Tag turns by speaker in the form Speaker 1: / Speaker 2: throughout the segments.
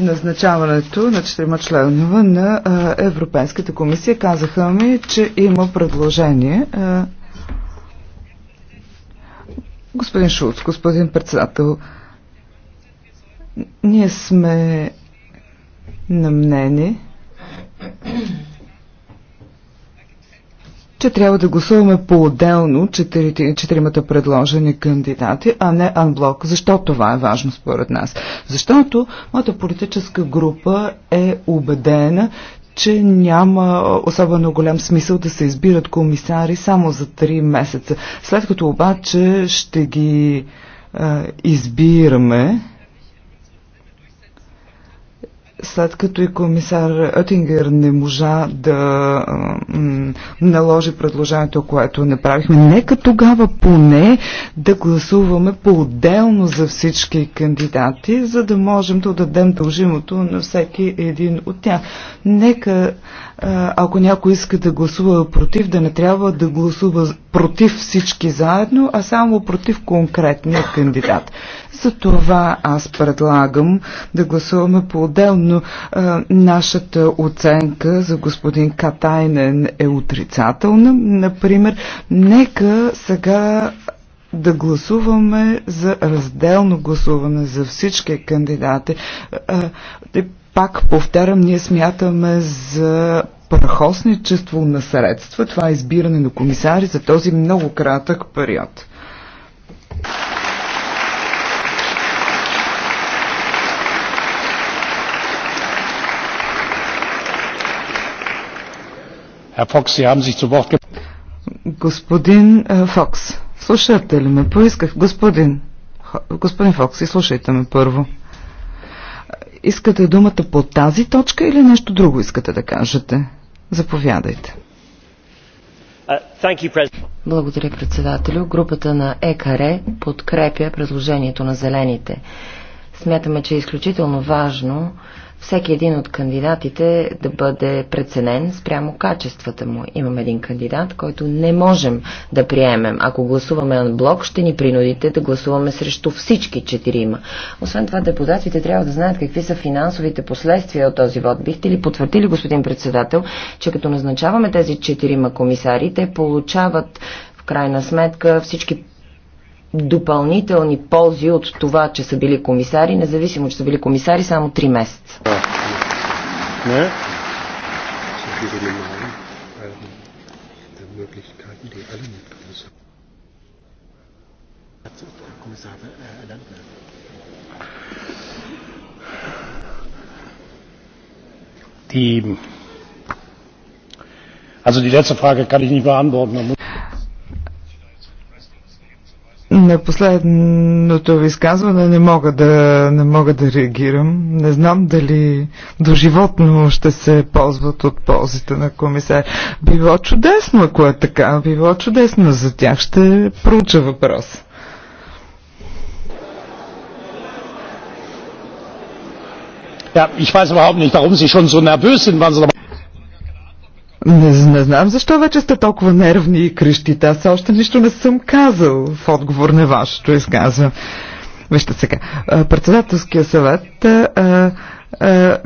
Speaker 1: назначаването на четирима членове на Европейската комисия. Казаха ми, че има предложение. Господин Шулц, господин председател, ние сме на мнение, че трябва да гласуваме по-отделно четиримата предложени кандидати, а не анблок. Защо това е важно според нас? Защото моята политическа група е убедена, че няма особено голям смисъл да се избират комисари само за 3 месеца. След като обаче ще ги е, избираме, след като и комисар Оттингер не можа да наложи предложението, което направихме, нека тогава поне да гласуваме по-отделно за всички кандидати, за да можем да дадем дължимото на всеки един от тях. Нека, ако някой иска да гласува против, да не трябва да гласува против всички заедно, а само против конкретния кандидат. За това аз предлагам да гласуваме по-отделно а, нашата оценка за господин Катайнен е отрицателна. Например, нека сега да гласуваме за разделно гласуване за всички кандидати. Пак повтарям, ние смятаме за прахосничество на средства. Това е избиране на комисари за този много кратък период.
Speaker 2: Herr Fox, Sie haben sich zu Wort
Speaker 1: Господин е, Фокс, слушате ли ме? Поисках. Господин, господин Фокс, и слушайте ме първо. Искате думата по тази точка или нещо друго искате да кажете? Заповядайте.
Speaker 3: Uh,
Speaker 2: Благодаря, председателю. Групата на ЕКАРЕ подкрепя предложението на зелените. Смятаме, че е изключително важно всеки един от кандидатите да бъде преценен спрямо качествата му. Имам един кандидат, който не можем да приемем. Ако гласуваме на блок, ще ни принудите да гласуваме срещу всички четирима. Освен това, депутатите трябва да знаят какви са финансовите последствия от този вод. Бихте ли потвърдили, господин председател, че като назначаваме тези четирима комисари, те получават в крайна сметка всички допълнителни ползи от това, че са били комисари, независимо, че са били комисари само 3 месеца. Не? Die, also die letzte Frage kann ich nicht beantworten.
Speaker 1: На последното ви изказване не мога да, не мога да реагирам. Не знам дали до животно ще се ползват от ползите на комисар. Било чудесно, ако е така. Било чудесно за тях. Ще проуча въпроса.
Speaker 2: Ja, ich weiß überhaupt nicht, warum Sie schon so nervös sind. Waren Sie
Speaker 1: не, не знам защо вече сте толкова нервни и крещите. Аз още нищо не съм казал в отговор на вашето изказване. Вижте сега. Председателския съвет а, а,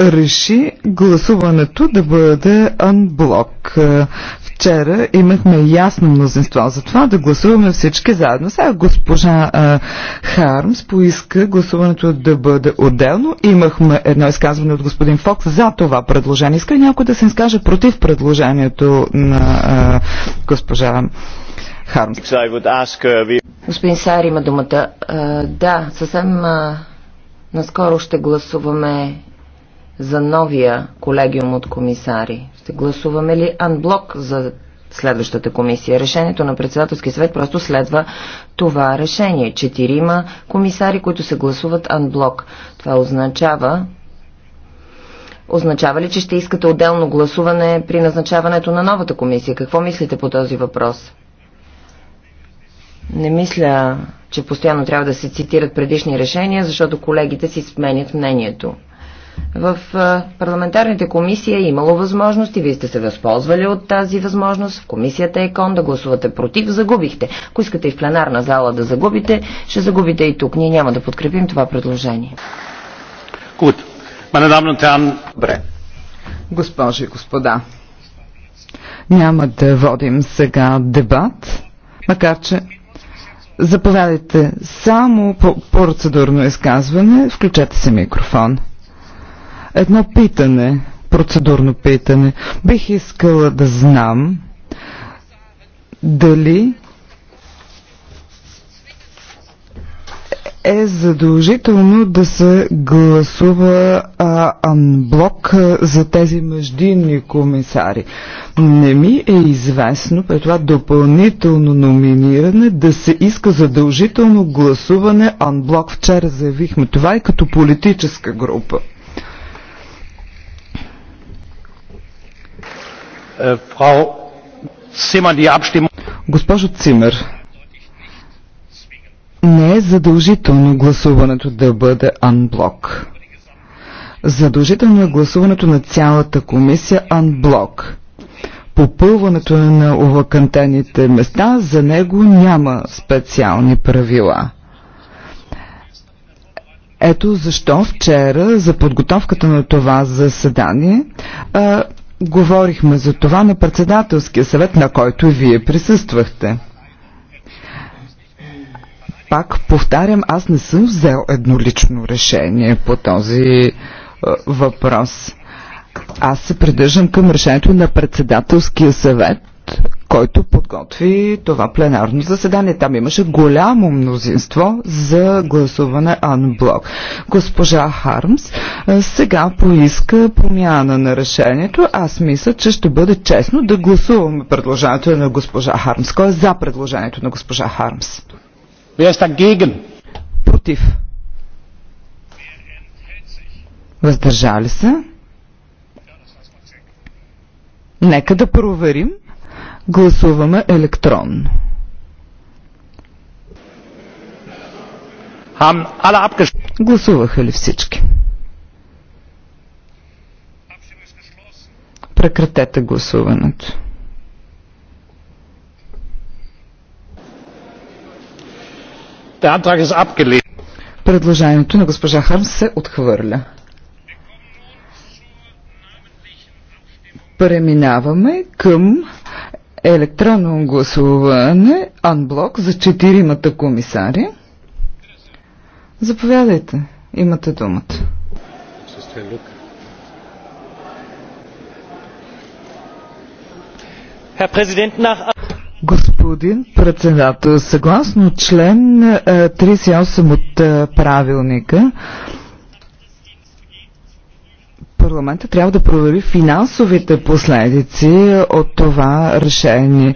Speaker 1: реши гласуването да бъде анблок. Е, вчера имахме ясно мнозинство за това да гласуваме всички заедно. Сега госпожа а, е, Хармс поиска гласуването да бъде отделно. Имахме едно изказване от господин Фокс за това предложение. Иска някой да се изкаже против
Speaker 2: предложението на а, е, госпожа Хармс. Uh, господин Сар има думата. А, да, съвсем а, наскоро ще гласуваме за новия колегиум от комисари? Ще гласуваме ли анблок за следващата комисия? Решението на председателски съвет просто следва това решение. Четирима комисари, които се гласуват анблок. Това означава, Означава ли, че ще искате отделно гласуване при назначаването на новата комисия? Какво мислите по този въпрос? Не мисля, че постоянно трябва да се цитират предишни решения, защото колегите си сменят мнението. В парламентарните комисии е имало възможност и вие сте се възползвали от тази възможност. В комисията ЕКОН да гласувате против, загубихте. Ако искате и в пленарна зала да загубите, ще загубите и тук. Ние няма да подкрепим това предложение. Бре. Госпожи и господа,
Speaker 1: няма да водим сега дебат, макар че заповядайте само по процедурно изказване, включете се микрофон едно питане, процедурно питане. Бих искала да знам дали е задължително да се гласува анблок за тези междинни комисари. Не ми е известно при това допълнително номиниране да се иска задължително гласуване анблок. Вчера заявихме това и като политическа група. Äh, Госпожо Цимер, не е задължително гласуването да бъде анблок. Задължително е гласуването на цялата комисия анблок. Попълването на овакантените места, за него няма специални правила. Ето защо вчера за подготовката на това заседание а, Говорихме за това на председателския съвет, на който и вие присъствахте. Пак повтарям, аз не съм взел еднолично решение по този е, въпрос. Аз се придържам към решението на председателския съвет, който подготви това пленарно заседание. Там имаше голямо мнозинство за гласуване анблок. Госпожа Хармс е, сега поиска промяна на решението. Аз мисля, че ще бъде честно да гласуваме предложението на госпожа Хармс. Кой е за предложението на госпожа Хармс? Против. Въздържали се? Нека да проверим. Гласуваме електронно. Гласуваха ли всички? Прекратете гласуването. Предложението на госпожа Харм се отхвърля. Преминаваме към електронно гласуване, анблок за четиримата комисари. Заповядайте, имате думата. Господин председател, съгласно член 38 е, от е, правилника, парламента трябва да провери финансовите последици от това решение.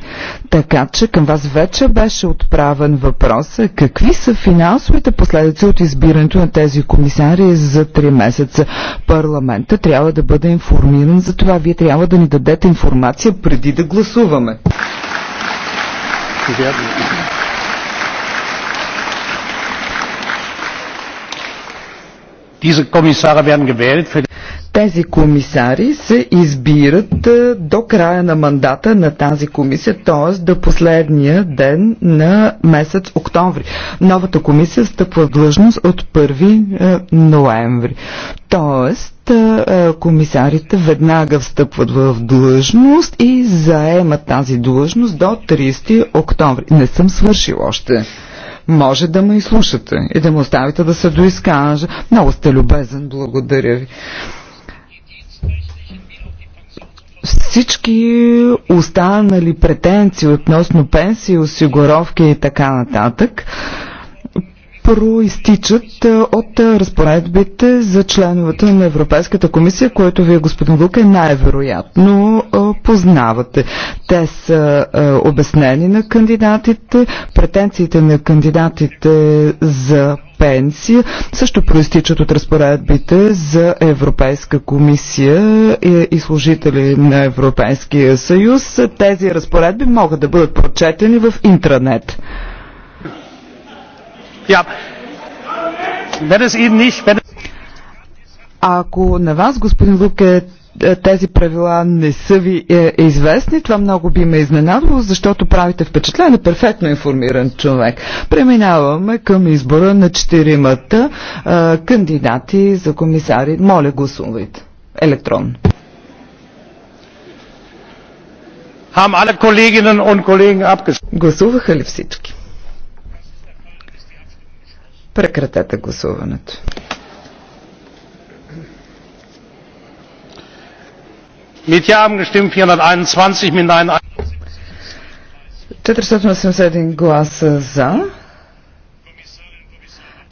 Speaker 1: Така че към вас вече беше отправен въпрос какви са финансовите последици от избирането на тези комисари за 3 месеца. Парламента трябва да бъде информиран за това. Вие трябва да ни дадете информация преди да гласуваме. Тези комисари се избират е, до края на мандата на тази комисия, т.е. до последния ден на месец октомври. Новата комисия стъпва в длъжност от 1 е, ноември. Т.е. Е, комисарите веднага встъпват в длъжност и заемат тази длъжност до 30 октомври. Не съм свършил още може да ме изслушате и да ме оставите да се доизкажа. Много сте любезен, благодаря ви всички останали претенции относно пенсии, осигуровки и така нататък, проистичат е, от е, разпоредбите за членовете на Европейската комисия, което вие, господин е най-вероятно е, познавате. Те са обяснени на кандидатите, претенциите на кандидатите за пенсия също проистичат от разпоредбите за Европейска комисия и служители на Европейския съюз. Тези разпоредби могат да бъдат прочетени в интранет. Ja. Wenn es Ihnen nicht, wenn ако на вас, господин Луке, е, тези правила не са ви е, известни, това много би ме изненадало, защото правите впечатление перфектно информиран човек. Преминаваме към избора на четиримата е, кандидати за комисари. Моля, гласувайте. Електрон. Гласуваха ли всички? Прекратете гласуването. Mit Ja haben 421, mit Nein 481 гласа за,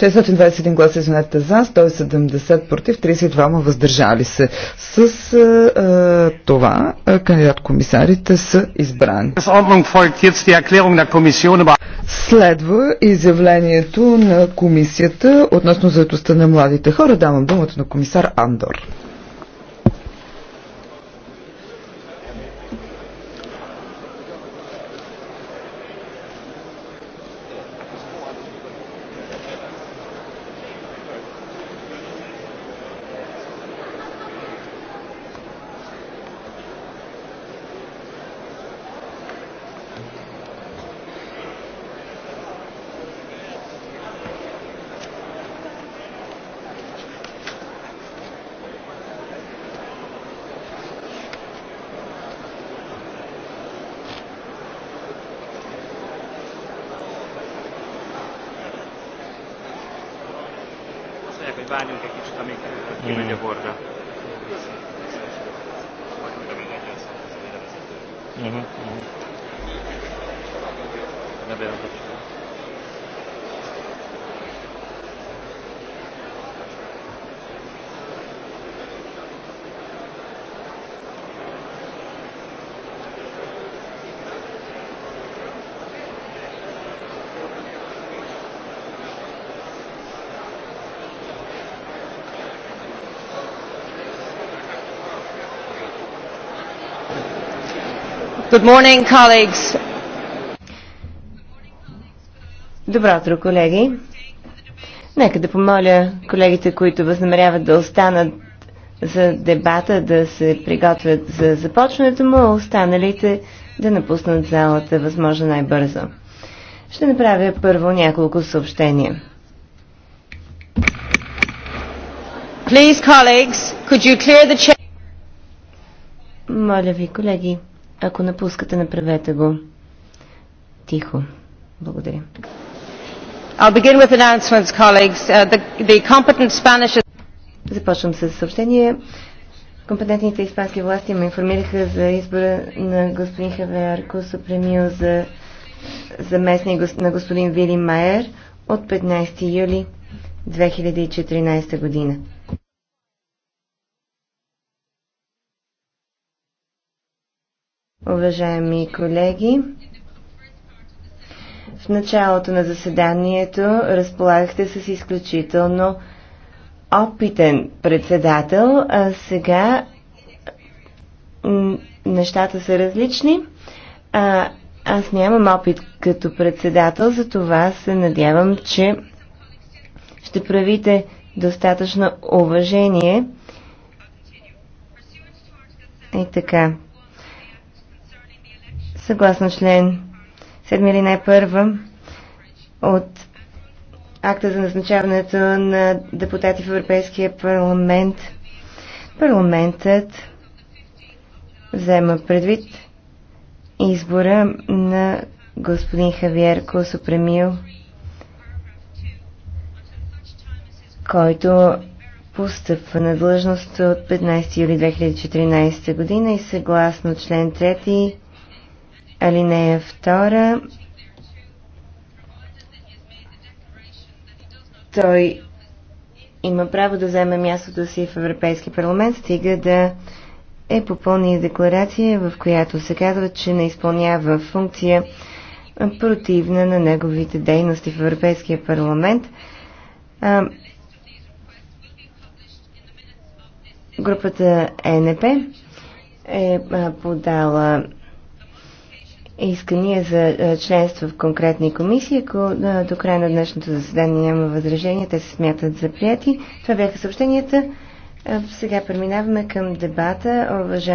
Speaker 1: 621 гласа извинете за, 170 против, 32 ма въздържали се. С а, е, е, това е, кандидат комисарите са избрани. Следва изявлението на комисията относно заедостта на младите хора. Давам думата на комисар Андор.
Speaker 3: várjunk egy kicsit, amíg kimegy a borda.
Speaker 2: Uh-huh, uh-huh. Ne bejelenthetjük. Good morning, colleagues.
Speaker 3: Добро утро, колеги. Нека да помоля колегите, които възнамеряват да останат за дебата, да се приготвят за започването му, а останалите да напуснат залата възможно най-бързо. Ще направя първо няколко съобщения. Please, colleagues, could you clear the... Моля ви, колеги, ако напускате, направете го тихо. Благодаря.
Speaker 2: I'll begin with announcements, colleagues. Uh, the, the competent Spanish...
Speaker 3: Започвам с съобщение. Компетентните испански власти ме информираха за избора на господин Хавеар Кусо премио за заместник на господин Вили Майер от 15 юли 2014 година. Уважаеми колеги, в началото на заседанието разполагахте с изключително опитен председател, а сега нещата са различни. А, аз нямам опит като председател, затова се надявам, че ще правите достатъчно уважение. И така съгласно член 7 или не първа от акта за назначаването на депутати в Европейския парламент, парламентът взема предвид избора на господин Хавиер Косопремил, който постъпва на длъжност от 15 юли 2014 година и съгласно член 3 Алинея 2. Той има право да вземе мястото си в Европейски парламент, стига да е попълни декларация, в която се казва, че не изпълнява функция противна на неговите дейности в Европейския парламент. А, групата ЕНП е, е подала искания за е, членство в конкретни комисии. Ако е, до края на днешното заседание няма възражения, те се смятат за прияти. Това бяха съобщенията. Е, сега преминаваме към дебата. Уважаем